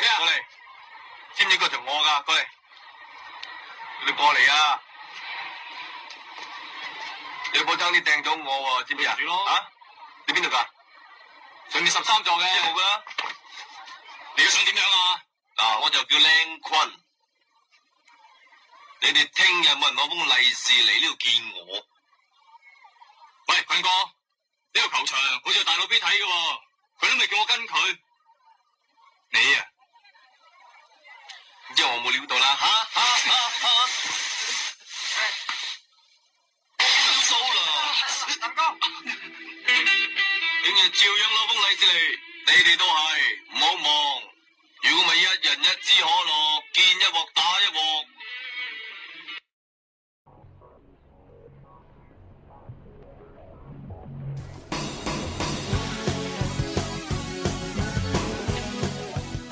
過嚟，知唔知嗰條我噶？過嚟，你過嚟啊！你保證啲掟咗我喎，知唔知啊？啊？你邊度噶？上面十三座嘅。一號噶。你要、啊、想點樣啊？嗱、啊，我就叫靚坤。你哋聽日冇人攞封利是嚟呢度見我。喂，坤哥，呢、這個球場好似係大佬 B 睇嘅，佢都未叫我跟佢。你啊？即係我冇料到啦，吓吓吓吓！哎，收數啦，大哥，今日照樣攞封利是嚟，你哋都係唔好忙，如果咪一人一支可樂，見一鑊打一鑊。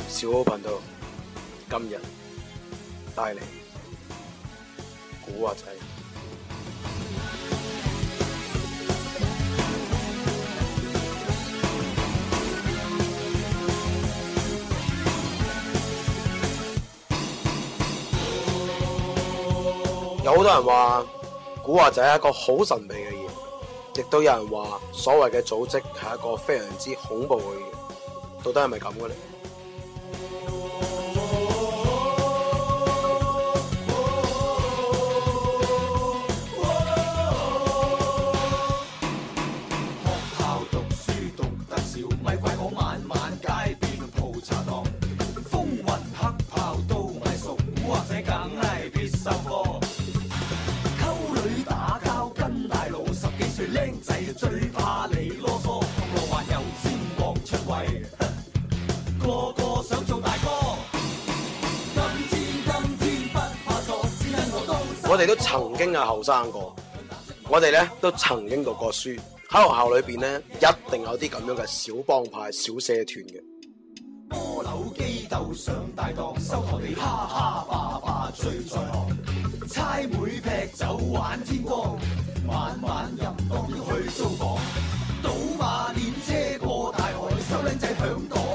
小哥頻道。今日帶嚟古惑仔，有好多人話古惑仔係一個好神秘嘅嘢，亦都有人話所謂嘅組織係一個非常之恐怖嘅嘢，到底係咪咁嘅咧？我哋都曾經係後生過，我哋咧都曾經讀過書，喺學校裏邊咧一定有啲咁樣嘅小幫派、小社團嘅。波樓機斗上大當，收學你哈哈霸霸最在行，猜妹劈酒玩天光，晚晚入蕩去掃房，賭馬練車過大海，收靚仔響檔。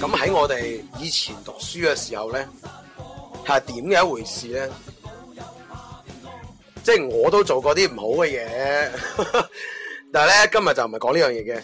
咁喺我哋以前讀書嘅時候呢，係點嘅一回事呢？即係我都做過啲唔好嘅嘢， 但係呢，今日就唔係講呢樣嘢嘅。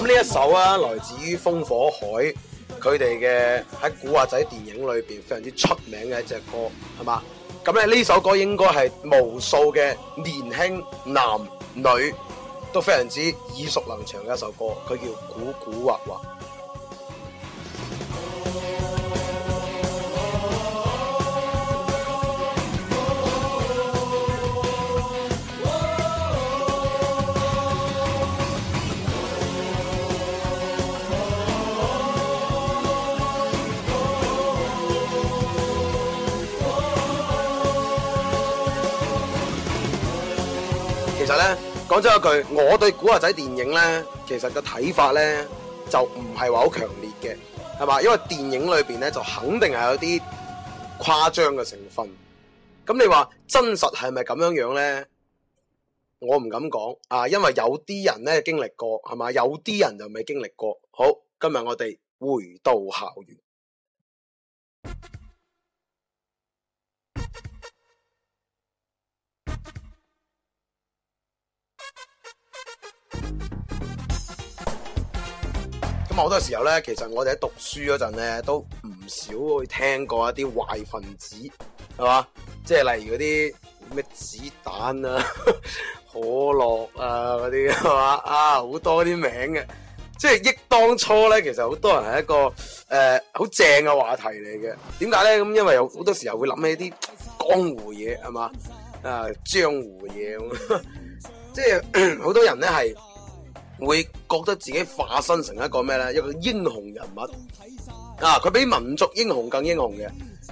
咁呢一首啊，來自於風火海，佢哋嘅喺古惑仔電影裏面非常之出名嘅一隻歌，係嘛？咁咧呢首歌應該係無數嘅年輕男女都非常之耳熟能詳嘅一首歌，佢叫《古古惑惑》。講咗一句，我對古惑仔電影呢，其實嘅睇法呢，就唔係話好強烈嘅，係嘛？因為電影裏邊呢，就肯定係有啲誇張嘅成分。咁你話真實係咪咁樣樣呢？我唔敢講啊，因為有啲人呢，經歷過，係嘛？有啲人就未經歷過。好，今日我哋回到校園。咁好多時候咧，其實我哋喺讀書嗰陣咧，都唔少會聽過一啲壞分子，係嘛？即係例如嗰啲咩子彈啊、呵呵可樂啊嗰啲，係嘛？啊，好多啲名嘅，即係憶當初咧，其實好多人係一個誒好、呃、正嘅話題嚟嘅。點解咧？咁因為有好多時候會諗起啲江湖嘢，係嘛？啊，江湖嘢，即係好多人咧係。會覺得自己化身成一個咩咧？一個英雄人物啊！佢比民族英雄更英雄嘅，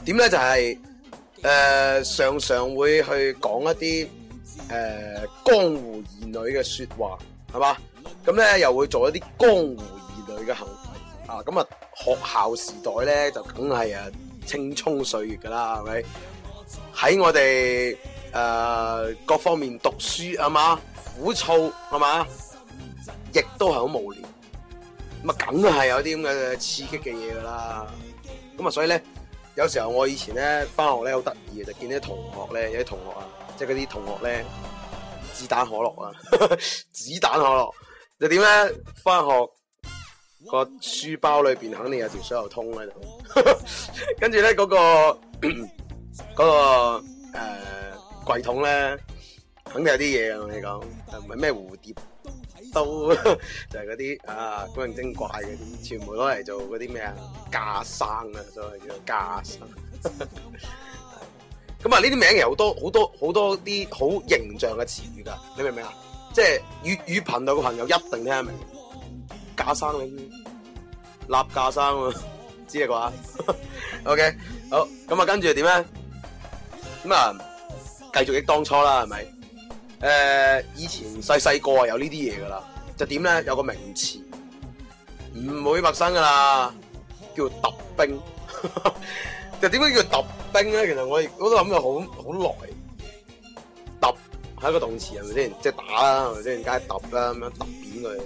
點咧？就係、是、誒、呃，常常會去講一啲誒、呃、江湖兒女嘅說話，係嘛？咁咧又會做一啲江湖兒女嘅行為啊！咁啊，學校時代咧就梗係啊青葱歲月噶啦，係咪？喺我哋誒、呃、各方面讀書啊嘛，枯燥啊嘛。亦都係好無聊，咁啊，梗係有啲咁嘅刺激嘅嘢噶啦，咁啊，所以咧，有時候我以前咧翻學咧好得意嘅，就見啲同學咧，有啲同學，些同學啊，即係嗰啲同學咧，子彈可樂啊，子彈可樂，就點咧，翻、那、學個書包裏邊肯定有條水喉通喺度，跟住咧嗰個嗰、那個誒櫃、呃、桶咧，肯定有啲嘢啊，我同你講，唔係咩蝴蝶。都 就係嗰啲啊古靈精怪嘅，全部攞嚟做嗰啲咩啊架生啊，所謂叫做架生。咁啊呢啲名其實好多好多好多啲好形象嘅詞語噶，你明唔明啊？即係粵語頻道嘅朋友一定聽得明。架生嗰啲立架生啊，知嘅啩 ？OK，好，咁啊跟住點咧？咁啊繼續憶當初啦，係咪？誒、呃，以前細細個啊有呢啲嘢噶啦，就點咧？有個名詞唔會陌生噶啦，叫揼冰。兵 就點解叫揼冰咧？其實我我都諗咗好好耐。揼係一個動詞係咪先？即、就、係、是、打啦係咪先？而家揼啦，咁樣揼扁佢。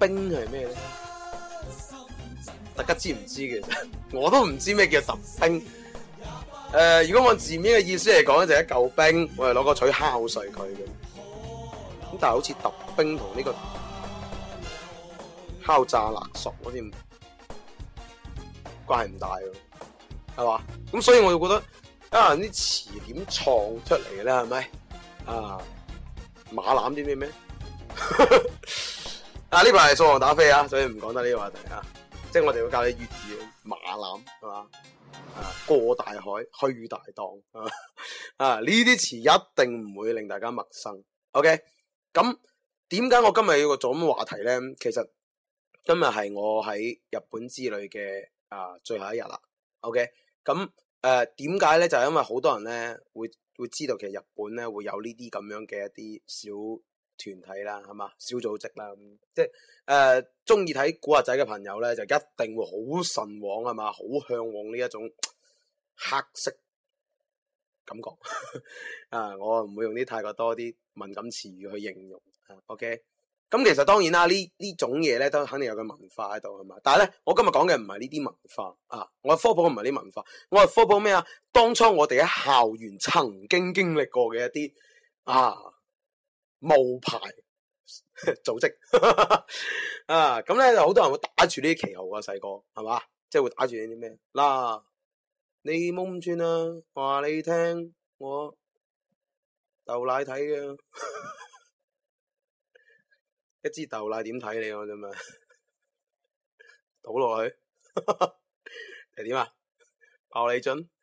冰係咩咧？大家知唔知嘅？ 我都唔知咩叫揼冰。誒、呃，如果按字面嘅意思嚟講咧，就係、一嚿冰，我係攞個錘敲碎佢嘅。咁但係好似揼冰同呢個敲詐勒索嗰啲，好似關係唔大咯，係嘛？咁所以我就覺得啊，啲詞點創出嚟嘅咧，係咪啊？馬攬啲咩咩？但呢個係掃黃打非啊，所以唔講得呢個話題啊。即係我哋會教你粵語馬攬，係嘛？啊、過大海，去大檔啊！啊，呢啲詞一定唔會令大家陌生。OK，咁點解我今日要個做咁嘅話題呢？其實今日係我喺日本之旅嘅啊最後一日啦。OK，咁誒點解呢？就係、是、因為好多人呢會會知道，其實日本呢會有呢啲咁樣嘅一啲小。團體啦，係嘛小組織啦，咁、嗯、即係誒，中意睇古惑仔嘅朋友咧，就一定會好神往，係嘛好向往呢一種黑色感覺 啊！我唔會用啲太過多啲敏感詞語去形容、啊，OK？咁其實當然啦、啊，這東西呢呢種嘢咧都肯定有個文化喺度，係嘛。但係咧，我今日講嘅唔係呢啲文化啊，我科普唔係呢啲文化，我係科普咩啊？當初我哋喺校園曾經經歷過嘅一啲啊～、嗯冒牌組織 啊！咁咧就好多人會打住呢啲旗號啊，細個係嘛？即係會打住你啲咩？嗱，你懵穿啦，話你聽我豆奶睇嘅， 一支豆奶點睇你咁啫嘛？ 倒落下去係點啊？爆 你樽！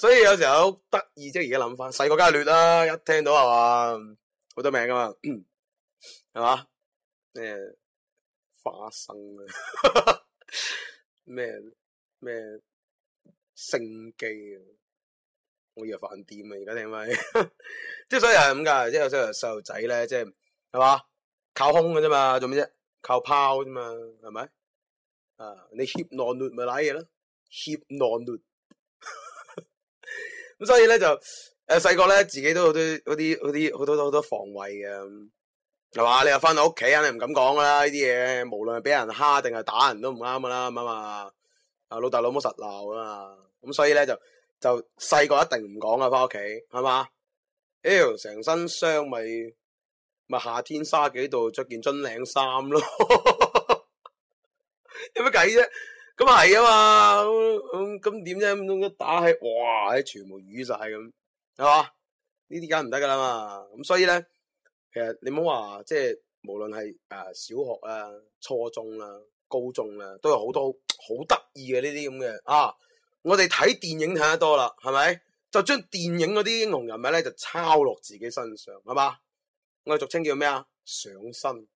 所以有時候得意即係而家諗翻，細個梗係劣啦！一聽到係嘛好多名噶嘛，係嘛？誒、欸、花生啊，咩咩星機啊，我以為飯店啊，而家聽咪？即係所以係咁噶，即係有時候細路仔咧，即係係嘛靠空嘅啫嘛，做咩啫？靠拋啫嘛，係咪？啊，你怯懦劣咪揦嘢咯，怯懦劣。咁所以咧就、誒、細個咧自己都好多嗰啲嗰啲好多好多防衛嘅係嘛？你又翻到屋企肯定唔敢講噶啦呢啲嘢，無論俾人蝦定係打人都唔啱噶啦，咁啊嘛啊老豆老母實鬧㗎嘛咁，所以咧就就細個一定唔講啊翻屋企係嘛？L 成身傷咪咪夏天卅幾度着件樽領衫咯， 有乜計啫？咁係啊嘛，咁咁點啫？咁、嗯、一、嗯嗯嗯嗯嗯、打起，哇！係全部瘀晒」咁，係嘛？呢啲梗係唔得噶啦嘛。咁所以咧，其實你唔好話，即係無論係、呃、小學啊、初中啦、高中啦，都有好多好得意嘅呢啲咁嘅啊。我哋睇電影睇得多啦，係咪？就將電影嗰啲英雄人物咧，就抄落自己身上，係嘛？我哋俗稱叫咩啊？上身。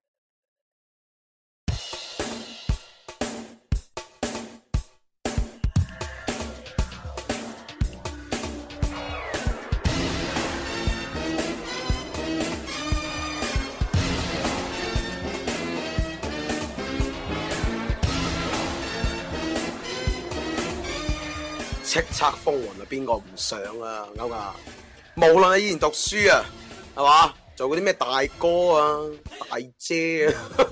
叱咤風雲啊！邊個唔想啊？啱啊！無論係以前讀書啊，係嘛，做嗰啲咩大哥啊、大姐啊，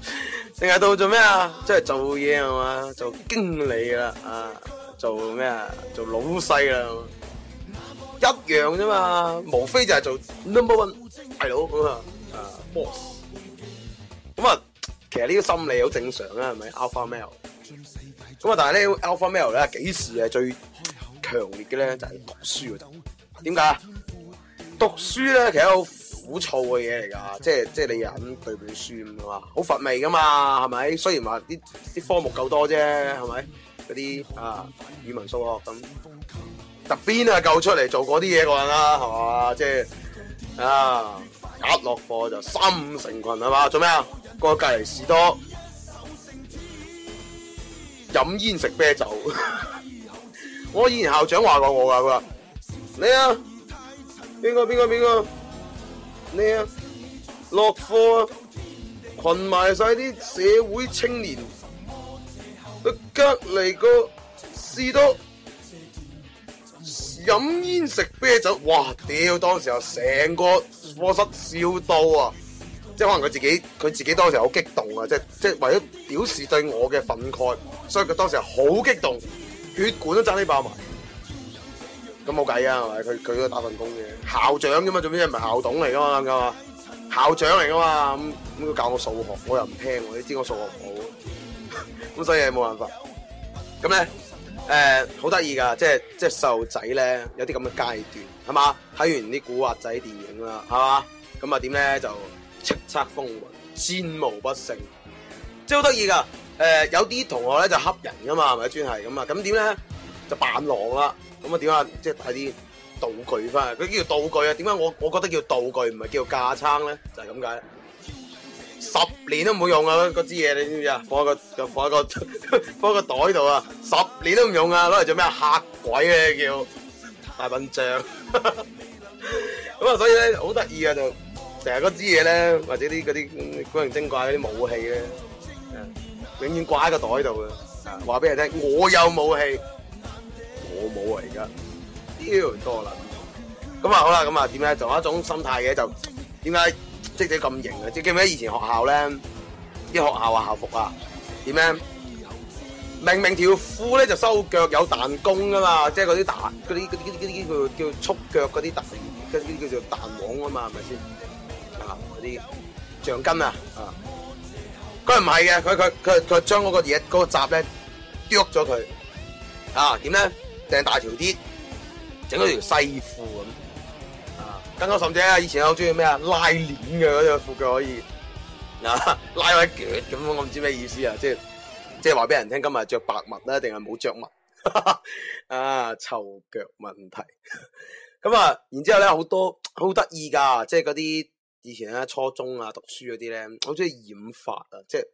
定係到做咩啊？即係做嘢係嘛？做經理啦，啊做咩啊？做老細啦，一樣啫嘛。無非就係做 number one 大佬咁啊，啊 boss。咁啊，其實呢個心理好正常啊，係咪？Alpha male。咁啊，但係呢 Alpha male 咧，幾時係最？強烈嘅咧就係、是、讀書喎就，點解啊？讀書咧其實好枯燥嘅嘢嚟㗎，即係即係你人對本書咁啊，好乏味㗎嘛，係咪？雖然話啲啲科目夠多啫，係咪？嗰啲啊語文數學咁，特別係夠出嚟做嗰啲嘢個人啦、啊，係嘛？即係啊，一落課就三五成群，係嘛？做咩啊？過隔籬士多飲煙食啤酒。我以前校長話過我噶，佢話：你啊，邊個邊個邊個？你啊，落課群埋晒啲社會青年，佢隔籬個士多飲煙食啤酒，哇！屌，當時啊，成個課室笑到啊，即係可能佢自己佢自己當時好激動啊，即係即係為咗表示對我嘅憤慨，所以佢當時好激動。血管都爭啲爆埋，咁冇計啊，係咪？佢佢都打份工嘅，校長啫嘛，做咩唔係校董嚟噶嘛，校長嚟噶嘛，咁咁佢教我數學，我又唔聽，你知我數學好，咁 所以冇辦法。咁咧，誒、呃，好得意噶，即係即係細路仔咧，有啲咁嘅階段，係嘛？睇完啲古惑仔電影啦，係嘛？咁啊點咧就叱咤風雲，戰無不勝，即係好得意噶。誒、呃，有啲同學咧就恰人噶嘛，咪專係咁啊！咁點咧就扮狼啦，咁啊點啊，即係帶啲道具翻嚟。佢叫道具啊，點解我我覺得叫道具唔係叫架撐咧？就係咁解。十年都冇用啊，嗰支嘢，你知唔知啊？放喺個放喺個 放喺個袋度啊，十年都唔用啊，攞嚟做咩吓，鬼咧叫大笨象。咁啊，所以咧好得意啊，就成日嗰支嘢咧，或者啲嗰啲古靈精怪嗰啲武器咧，永遠掛喺個袋度嘅，話俾人聽，我有武器，我冇啊！而家，屌多撚？咁啊，好啦，咁啊點咧？就一種心態嘅，就點解即隻咁型啊？即記唔記得以前學校咧，啲學校啊校服啊，點樣？明明條褲咧就收腳有彈弓噶嘛，即係嗰啲彈嗰啲嗰啲嗰啲叫叫束腳嗰啲彈，嗰啲叫做彈簧啊嘛，係咪先？啊嗰啲橡筋啊啊！佢唔係嘅，佢佢佢佢將嗰個嘢嗰、嗰個閘咧剁咗佢啊！點咧？定大條啲，整咗條西褲咁啊！更加甚至啊，以前我好中意咩啊拉鏈嘅嗰啲褲腳可以啊拉開腳咁，我唔知咩意思啊！即即話俾人聽，今日着白襪啦，定係冇着襪 啊？臭腳問題咁啊！ 然之後咧好多好得意噶，即係嗰啲。以前咧，初中啊，讀書嗰啲咧，好中意染髮啊，即係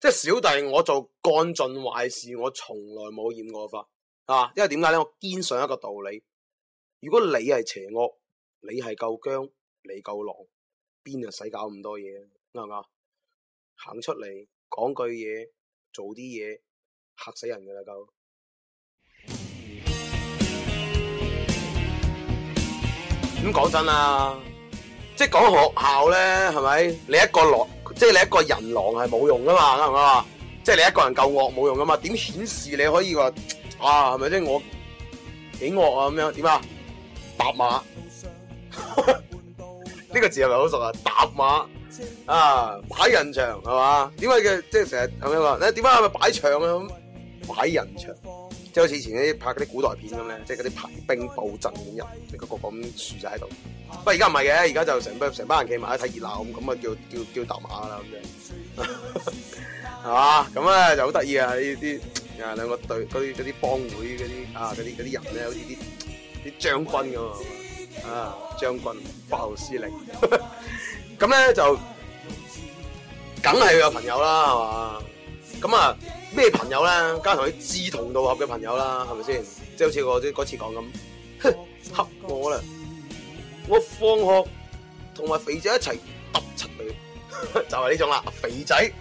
即係小弟我做乾盡壞事，我從來冇染過髮啊，因為點解咧？我堅信一個道理，如果你係邪惡，你係夠僵，你夠狼，邊人使搞咁多嘢？啱唔啱？行出嚟講句嘢，做啲嘢吓死人噶啦，夠。咁講真啦，啊。即係講學校咧，係咪？你一個狼，即係你一個人狼係冇用噶嘛，係咪啊？即係你一個人夠惡冇用噶嘛？點顯示你可以話啊？係咪先我幾惡啊？咁樣點啊？搭馬呢 個字係咪好熟啊？搭馬啊，擺人牆係嘛？點解嘅？即係成日咁樣話，你點解係咪擺牆啊？咁擺人牆，即係好似以前拍嗰啲古代片咁咧，即係嗰啲排兵布陣咁入，即個個咁豎仔喺度。不過而家唔係嘅，而家就成班成班人企埋一齊睇熱鬧咁，咁啊叫叫叫揼馬啦咁樣，係嘛？咁咧就好得意啊！啲啊兩個隊嗰啲啲幫會嗰啲啊啲啲人咧，好似啲啲將軍咁啊，將軍八號司令咁咧就梗係要有朋友啦，係嘛？咁啊咩朋友咧？加上佢志同道合嘅朋友啦，係咪先？即係好似我啲嗰次講咁，黑我啦！我放學同埋肥仔一齊突出佢，就係、是、呢種啦。肥仔，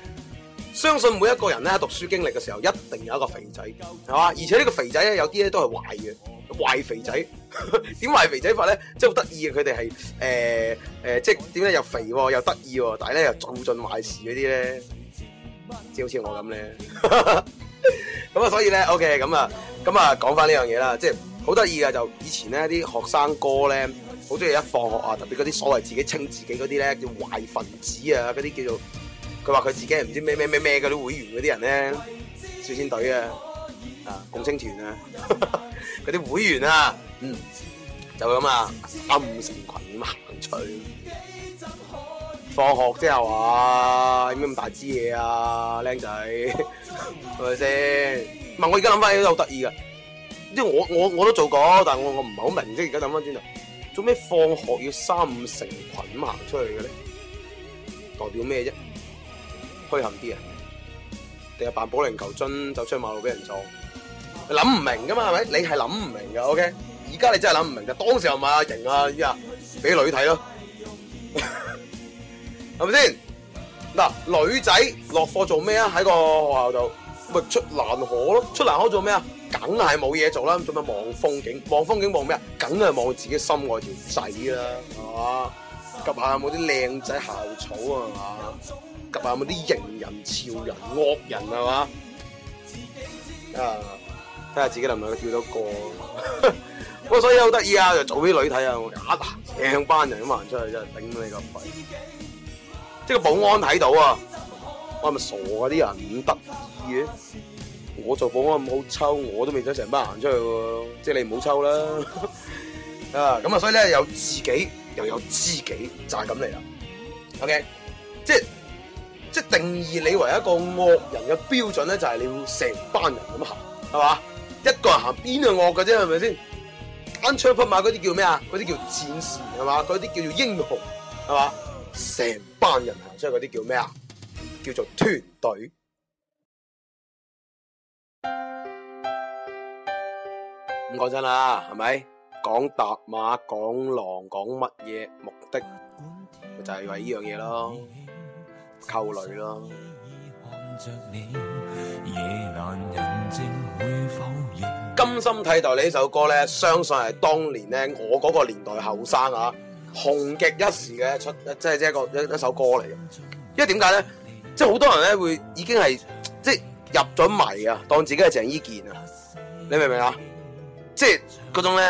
相信每一個人咧讀書經歷嘅時候，一定有一個肥仔，係嘛？而且呢個肥仔咧，有啲咧都係壞嘅，壞肥仔。點壞肥仔法咧、呃呃？即係好得意嘅，佢哋係誒誒，即係點解又肥又得意，但係咧又做盡壞事嗰啲咧，即係好似我咁咧。咁啊，所以咧，OK，咁啊，咁啊，講翻呢樣嘢啦，即係好得意嘅，就以前咧啲學生哥咧。好鍾意一放學啊，特別嗰啲所謂自己稱自己嗰啲咧，叫壞分子啊，嗰啲叫做佢話佢自己係唔知咩咩咩咩嗰啲會員嗰啲人咧，少先隊啊，啊共青團啊，嗰啲會員啊，嗯，就咁啊，暗成羣咁樣吹。放學之後啊，有咩咁大支嘢啊，靚仔，係咪先？唔 係我而家諗翻起都好得意嘅，即係我我我都做過，但係我我唔係好明啫，而家諗翻轉頭。做咩放學要三五成群咁行出去嘅咧？你代表咩啫？拘謹啲啊？定係扮保齡球樽走出去馬路俾人撞？你諗唔明噶嘛？係咪？你係諗唔明嘅。OK，而家你真係諗唔明嘅。當時又咪阿盈阿依啊俾女睇咯，係咪先？嗱，女仔落課做咩啊？喺個學校度咪出藍河咯？出藍河做咩啊？梗係冇嘢做啦，做咩望風景？望風景望咩啊？梗係望自己心愛條、啊、仔啦，係嘛？𥄫 下有冇啲靚仔校草啊？嘛？𥄫 下有冇啲型人潮人惡人啊？嘛？啊！睇下自己是是能唔能夠跳到歌、啊？我所以好得意啊！就做啲女睇啊！我、啊、成班人咁行出去真係頂你個肺！即、這、係個保安睇到啊！我係咪傻啊？啲人唔得意嘅？我做保安唔好抽，我都未想成班行出去喎。即係你唔好抽啦。啊， 咁啊，所以咧有自己又有知己，就係咁嚟啦。OK，即係即係定義你為一個惡人嘅標準咧，就係、是、你要成班人咁行，係嘛？一個人行邊係惡㗎啫，係咪先？單槍匹馬嗰啲叫咩啊？嗰啲叫戰士係嘛？嗰啲叫做英雄係嘛？成班人行出去嗰啲叫咩啊？叫做團隊。唔講真啦，係咪講達馬講狼講乜嘢目的？就係、是、為呢樣嘢咯，溝女咯。甘心替代你呢首歌咧，相信係當年呢，我嗰個年代後生啊，紅極一時嘅一出，即係即係一個一一首歌嚟嘅。因為點解咧？即係好多人咧會已經係即係。入咗迷啊，當自己係鄭伊健啊，你明唔明啊？即係嗰種咧，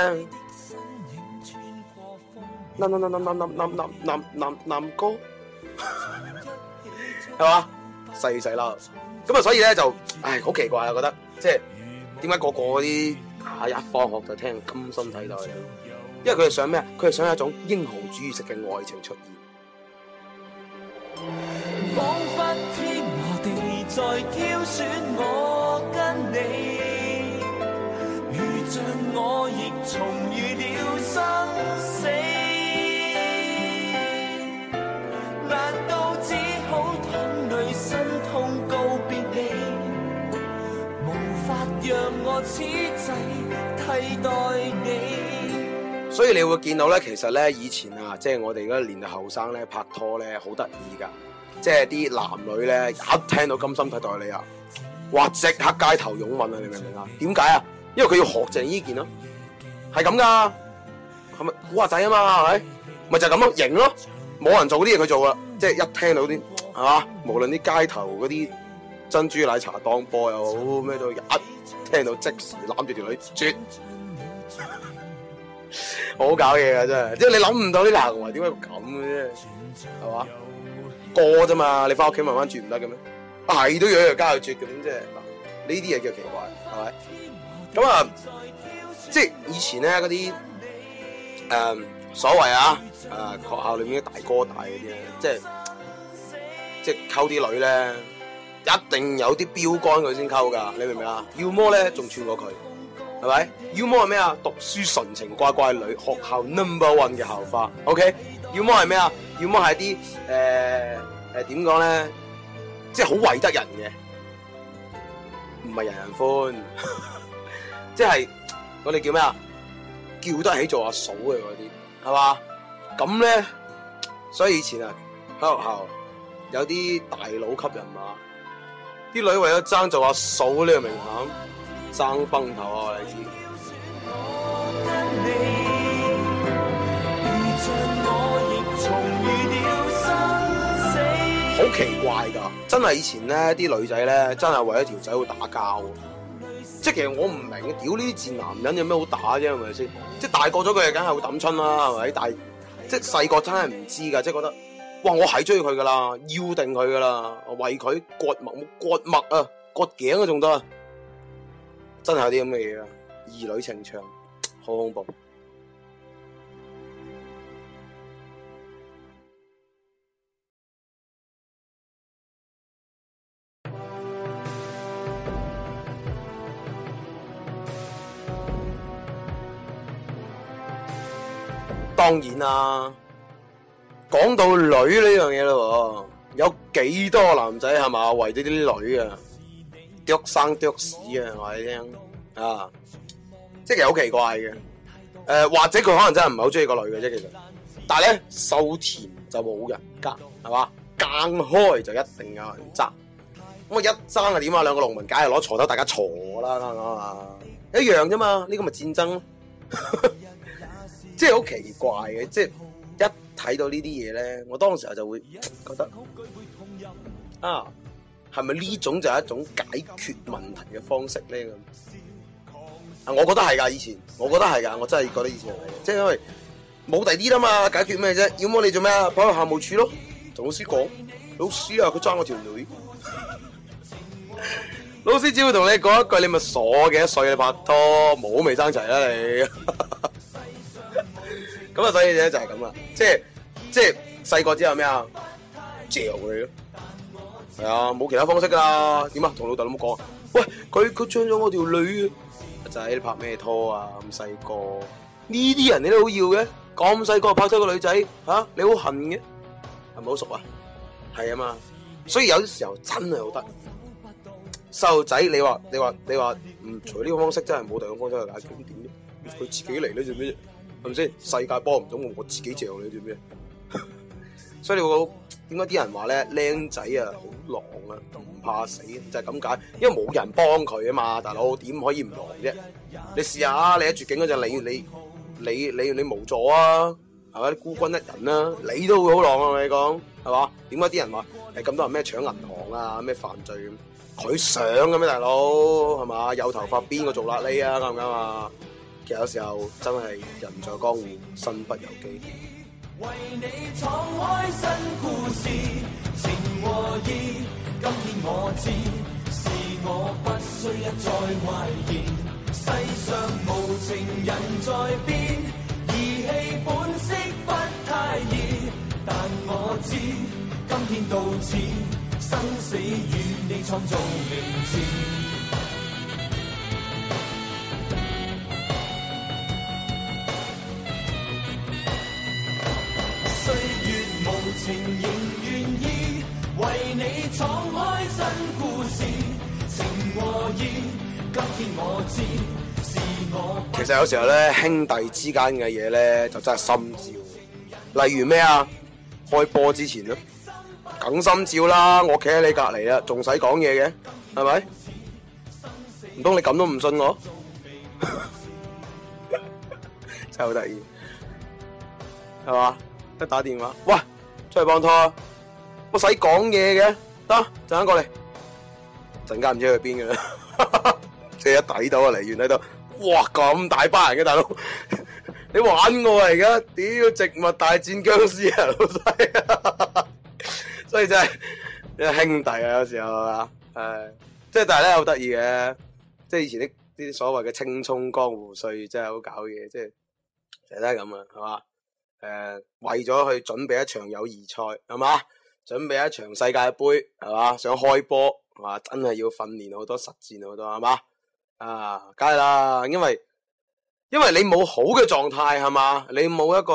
男男男男男男男男男男男哥，係 嘛？細細啦，咁啊，所以咧就，唉，好奇怪啊，覺得即係點解個個啲吓一放學就聽今生睇代，因為佢係想咩啊？佢係想一種英雄主義式嘅愛情出現。嗯再挑選我跟你，如像我亦重遇了生死，難道只好淌淚心痛告別你，無法讓我此際替代你。所以你會見到咧，其實咧，以前啊，即係我哋嗰啲年後生咧，拍拖咧，好得意㗎即係啲男女咧，一聽到金心睇代理啊，哇！即刻街頭擁吻啊！你明唔明啊？點解啊？因為佢要學鄭伊健咯，係咁噶，係咪古惑仔啊嘛？係咪？咪就係咁咯，型咯，啊，冇人做啲嘢佢做啦。即係一聽到啲係嘛，無論啲街頭嗰啲珍珠奶茶檔波又好咩都，一聽到即時攬住條女，絕好搞嘢噶真係，即係你諗唔到啲男嘅點解咁嘅啫，係嘛？歌啫嘛，你翻屋企慢慢轉唔得嘅咩？大都約約加又轉嘅咁即係，嗱呢啲嘢叫奇怪係咪？咁啊，即係以前咧嗰啲誒所謂啊誒、啊、學校裏面啲大哥大嗰啲咧，即係即係溝啲女咧，一定有啲標杆佢先溝噶，你明唔明啊？要麼咧仲串過佢，係咪？要麼係咩啊？讀書純情乖乖女，學校 number one 嘅校花，OK。要麼係咩啊？要麼係啲誒誒，點講咧？即係好為得人嘅，唔係人人歡，呵呵即係我哋叫咩啊？叫得起做阿嫂嘅嗰啲，係嘛？咁咧，所以以前啊，喺學校有啲大佬級人馬，啲女為咗爭做阿嫂呢個名銜，爭崩頭啊，你知。好奇怪噶，真係以前咧啲女仔咧，真係為咗條仔會打交，即係其實我唔明，屌呢啲賤男人有咩好打啫，係咪先？即係大個咗佢梗係會抌親啦，係咪？但即係細個真係唔知噶，即係覺得哇，我係追佢噶啦，要定佢噶啦，為佢割脈割脈啊，割頸啊，仲得，真係有啲咁嘅嘢啊，兒女情長，好恐怖。當然啦，講到女呢樣嘢咯，有幾多男仔係嘛，為咗啲女啊，屌生屌死啊，我哋聽啊，即係好奇怪嘅，誒、呃、或者佢可能真係唔係好中意個女嘅啫，其實，但係咧，瘦田就冇人耕，係嘛，耕開就一定有人爭，咁啊一爭係點啊？兩個農民梗係攞鋤頭大家鋤啦，啱唔啱啊？一樣啫嘛，呢、這個咪戰爭。 即係好奇怪嘅，即係一睇到這些東西呢啲嘢咧，我當時候就會覺得啊，係咪呢種就係一種解決問題嘅方式咧咁？啊，我覺得係噶，以前我覺得係噶，我真係覺得以前即係因為冇第啲啦嘛，解決咩啫？要麼你做咩，跑去校務處咯，同老師講，老師啊，佢爭我條女， 老師只會同你講一句，你咪傻嘅，衰你拍拖冇未生齊啦你。咁、嗯、啊，啊，啊，啊，啊，啊，所以咧就係咁啦，即係即係細個之後咩啊，嚼佢咯，係啊，冇其他方式噶，點啊，同老豆咁講，喂，佢佢搶咗我條女啊，仔拍咩拖啊，咁細個，呢啲人你都好要嘅，咁細個拍咗個女仔，吓你好恨嘅，係咪好熟啊？係啊嘛，所以有啲時候真係好得，細路仔你話你話你話，唔除呢個方式真係冇第二種方式去解決點，佢自己嚟咧做咩係咪先？世界幫唔到我，我自己借你做咩？麼 所以你會點解啲人話咧，靚仔啊好狼啊，唔怕死就係咁解。因為冇人幫佢啊嘛，大佬點可以唔狼啫？你試下你喺絕境嗰陣，你你你你你，你無助啊，係咪？孤軍一人啦，啊，你都會好狼啊！我哋講係嘛？點解啲人話誒咁多咩搶銀行啊咩犯罪？佢想㗎咩，大佬係嘛？有頭髮邊個做癩痢啊？啱唔啱啊？有時候，真係人在江湖，身不由己。為你創開新故事，情和意。今天我知，是我不需一再懷疑。世上無情人在變，義氣本色不太易。但我知，今天到此，生死與你創造名字。其實有時候咧，兄弟之間嘅嘢咧，就真係心照。例如咩啊？開波之前啊，梗心照啦！我企喺你隔籬啊，仲使講嘢嘅，係咪？唔通你咁都唔信我？ 真係好得意，係嘛？一打電話，喂！出去幫拖，我使講嘢嘅，得陣間過嚟，陣間唔知去邊㗎啦。即係一抵到啊，離遠喺度，哇咁大班人嘅大佬，你玩我啊而家？屌植物大戰僵屍啊，老細。所以真係，你係兄弟啊，有時候係，即係但係咧好得意嘅，即係以前啲啲所謂嘅青蔥江湖歲月，真係好搞嘢，即係成日都係咁嘅，係嘛？誒、呃，為咗去準備一場友誼賽，係嘛？準備一場世界杯，係嘛？想開波，係嘛？真係要訓練好多實戰好多，係嘛？啊，梗係啦，因為因為你冇好嘅狀態，係嘛？你冇一個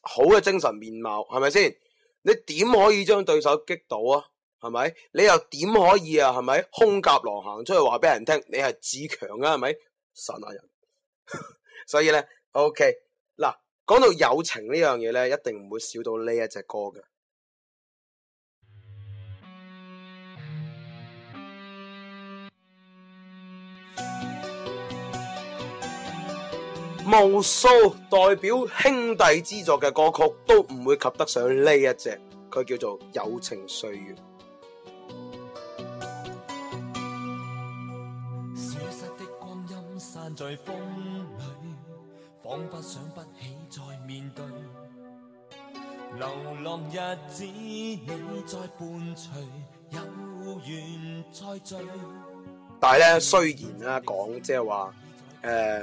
好嘅精神面貌，係咪先？你點可以將對手擊倒啊？係咪？你又點可以啊？係咪？空甲狼行出去話俾人聽，你係自強啊？係咪？神、啊、人， 所以咧，OK。講到友情呢樣嘢咧，一定唔會少到呢一隻歌嘅。無數代表兄弟之作嘅歌曲，都唔會及得上呢一隻。佢叫做《友情歲月》。彷彿想不起再面對，流浪日子你在伴隨，有緣再聚。但係咧，雖然啦講即係話，誒誒、呃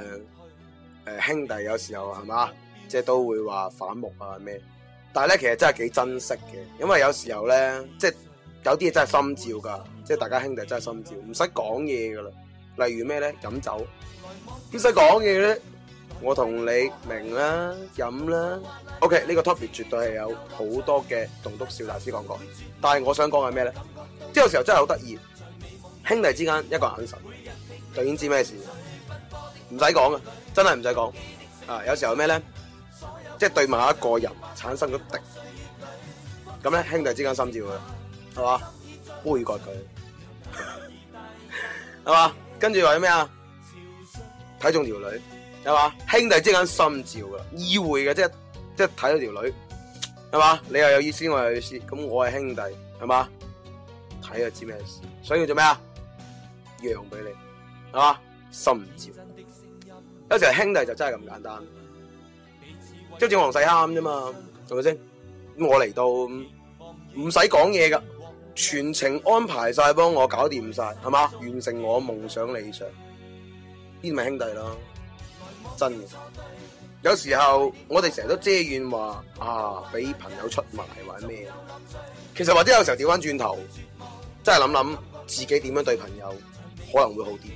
呃、兄弟有時候係嘛？即係、就是、都會話反目啊咩。但係咧，其實真係幾珍惜嘅，因為有時候咧，即、就、係、是、有啲嘢真係心照㗎，即、就、係、是、大家兄弟真係心照，唔使講嘢㗎啦。例如咩咧？飲酒，唔使講嘢咧。我同你明啦，飲啦。OK，呢個 topic 絕對係有好多嘅棟篤笑大師講過，但係我想講係咩咧？即係有時候真係好得意，兄弟之間一個眼神就已經知咩事，唔使講啊，真係唔使講啊。有時候咩咧，即係對某一個人產生咗敵，咁咧兄弟之間心照啦，係嘛，杯葛佢，係 嘛，跟住或者咩啊，睇中條女。係嘛，兄弟之間心照噶，意會嘅，即係即係睇到條女，係嘛，你又有意思，我又有意思，咁我係兄弟，係嘛，睇下知咩事，所以做咩啊？讓俾你，係嘛，心照。有時候兄弟就真係咁簡單，周正王細啱咁啫嘛，係咪先？我嚟到唔使講嘢噶，全程安排晒，幫我搞掂晒，係嘛，完成我夢想理想，呢啲咪兄弟咯。真嘅，有時候我哋成日都遮怨話啊，俾朋友出賣或者咩，其實或者有時候掉翻轉頭，真係諗諗自己點樣對朋友可能會好啲。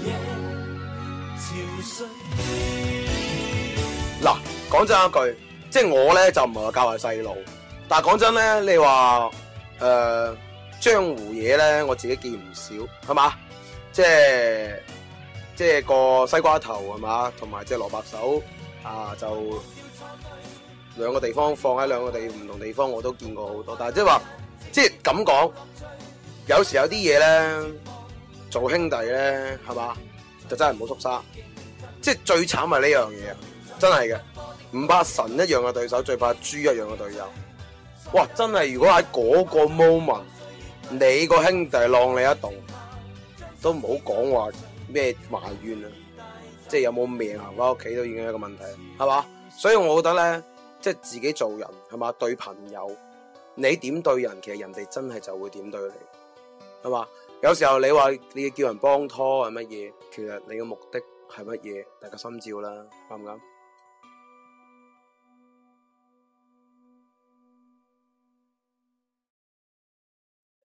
Mm-hmm. 嗱，講真一句，即係我咧就唔係教壞細路，但係講真咧，你話誒、呃、江湖嘢咧，我自己見唔少，係嘛？即係即係個西瓜頭係嘛？同埋隻蘿蔔手啊，就兩個地方放喺兩個地唔同地方，我都見過好多。但係即係話，即係咁講，有時有啲嘢咧，做兄弟咧，係嘛？就真係唔好縮沙，即係最慘係呢樣嘢，真係嘅，唔怕神一樣嘅對手，最怕豬一樣嘅對手。哇，真係如果喺嗰個 moment，你個兄弟浪你一度，都唔好講話咩埋怨啦，即係有冇命留翻屋企都已經係一個問題，係嘛？所以我覺得咧，即係自己做人係嘛，對朋友你點對人，其實人哋真係就會點對你，係嘛？有時候你話你叫人幫拖啊乜嘢？是什麼其實你嘅目的係乜嘢？大家心照啦，啱唔啱？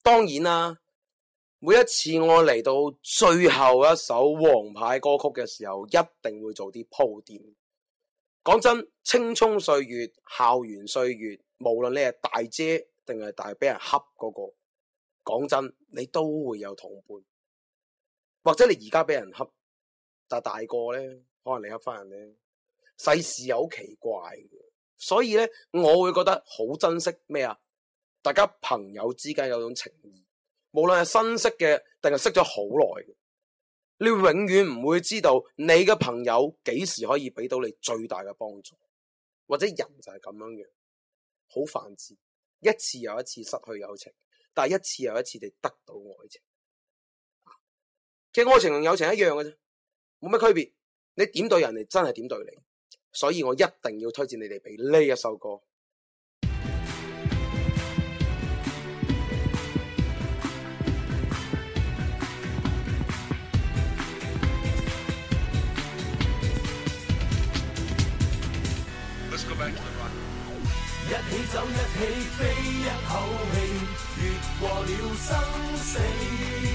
當然啦，每一次我嚟到最後一首王牌歌曲嘅時候，一定會做啲鋪墊的。講真，青蔥歲月、校園歲月，無論你係大姐定係大，俾人恰嗰、那個，講真，你都會有同伴。或者你而家俾人恰，但係大個咧，可能你恰返人咧。世事有奇怪嘅，所以咧我會覺得好珍惜咩啊？大家朋友之間有一種情誼，無論係新識嘅定係識咗好耐嘅，你永遠唔會知道你嘅朋友幾時可以俾到你最大嘅幫助，或者人就係咁樣嘅，好犯賤，一次又一次失去友情，但係一次又一次地得到愛情。其實愛情同友情一樣嘅啫，冇乜區別。你點對人哋，真係點對你。所以我一定要推薦你哋俾呢一首歌。Let's go back 一起走，一起飛，一口氣，越過了生死。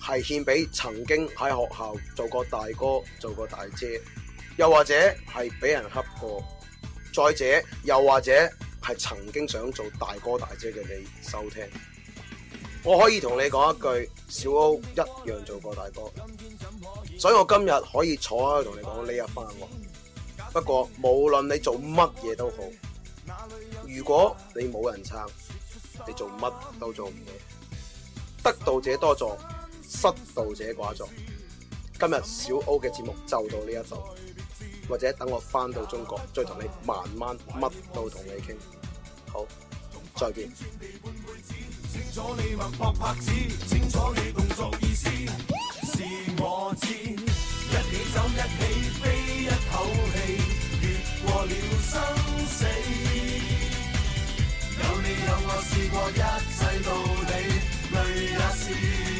係獻俾曾經喺學校做過大哥、做過大姐，又或者係俾人恰過，再者又或者係曾經想做大哥大姐嘅你收聽，我可以同你講一句，小歐一樣做過大哥，所以我今日可以坐喺度同你講呢一番。不過無論你做乜嘢都好，如果你冇人撐，你做乜都做唔到，得道者多助。失道者寡助。今日小歐嘅節目就到呢一度，或者等我翻到中國，再同你慢慢乜都同你傾。好，再見。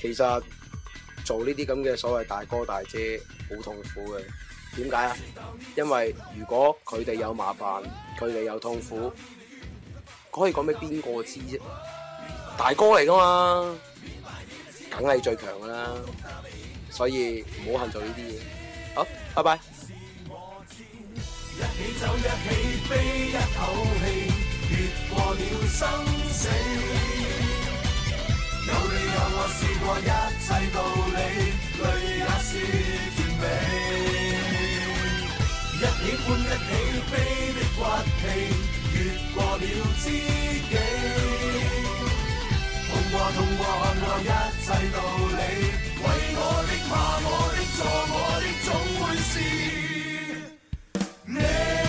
其實做呢啲咁嘅所謂大哥大姐好痛苦嘅，點解啊？因為如果佢哋有麻煩，佢哋有痛苦，可以講俾邊個知啫？大哥嚟噶嘛，梗係最強噶啦，所以唔好恨做呢啲嘢。好，拜拜。有你有我，試過一切道理，淚也是甜味。一起歡，一起悲的骨氣，越過了知己。碰過痛過恨過一切道理，為我的怕，我的錯我的，總會是你。